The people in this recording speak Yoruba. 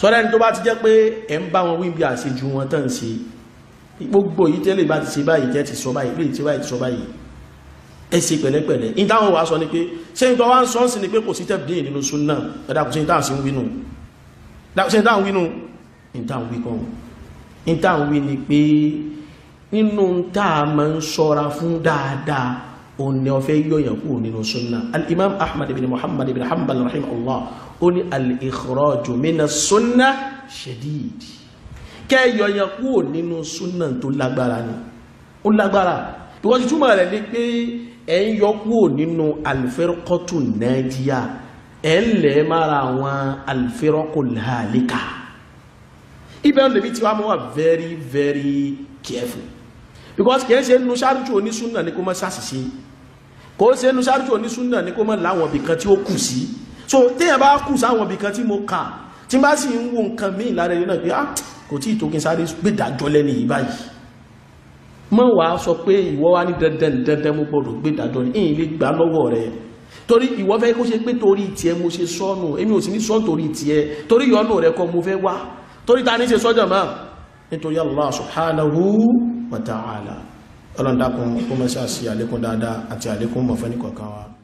sọ́dọ̀ ẹni tó bá ti jẹ́ pé ẹ̀ ń bá wọn wí bí àṣejù wọn tán ṣe gbogbo yìí tẹ́lẹ̀ bá ti ṣe báyìí tẹ́ ti sọ báyìí lè ti báyìí ti sọ báyìí ẹ ṣe pẹ̀lẹ́pẹ̀lẹ́ ní táwọn wàá sọ ni pé ṣé n tó wá ń sọ sí ni pé kò sí tẹ̀bí nínú súnà ẹ̀dá kò sí ní táwọn sí ń wínú ṣe táwọn wínú ní táwọn wí kan ní wí ni pé nínú tá a máa ń ṣọ́ra fún dáadáa òun ni ọfẹ́ yọ̀yàn kú nínú sunna al-imam ahmad ibn muhammad ibn hanbal rahimahullah ó ní al-ikhraju mina sunna shadid kẹ́ yọ̀yàn kú nínú sunna tó lágbára ni ó lágbára bí wọ́n ti túmọ̀ rẹ̀ ní pé ẹ̀ ń yọ kú nínú al-firqatu najiya ń lẹ̀ mára àwọn al-firqul ibẹ̀ ń lè bí mọ́ wà very very careful because kìí ṣe nu ṣáàrùtù onísúnà ni kó mọ́ ṣàṣìṣe kò ṣe nu ṣáàrùtù onísúnà ni kó mọ́ láwọn ibìkan tí ó kù sí so téèyàn bá kù sáwọn ibìkan tí mo kà tí bá sì ń wo nǹkan míì lára ẹni náà pé ah kò tí ì tó kí n sáré gbé dájọ́ lẹ́ni yìí báyìí mọ́ wàá sọ pé ìwọ wá ní dandan dandan mo gbọ́dọ̀ gbé dájọ́ ní ìyìn lè gbà lọ́wọ́ rẹ̀ torí ìwọ fẹ́ kó ṣe pé torí tiẹ̀ mo ṣe sọ́nù èmi ò sì ní sọ́nù torí tiẹ̀ torí ìyọnu rẹ̀ kọ́ mo fẹ́ wá torí ta ní ṣe sọ́jà máa nítorí Allah subhanahu wa ta'ala ọlọ́ndàkùn kó mẹ́sà sí àlékún dáadáa àti àlékún mọ̀fẹ́ ní kọ̀ọ̀kan wa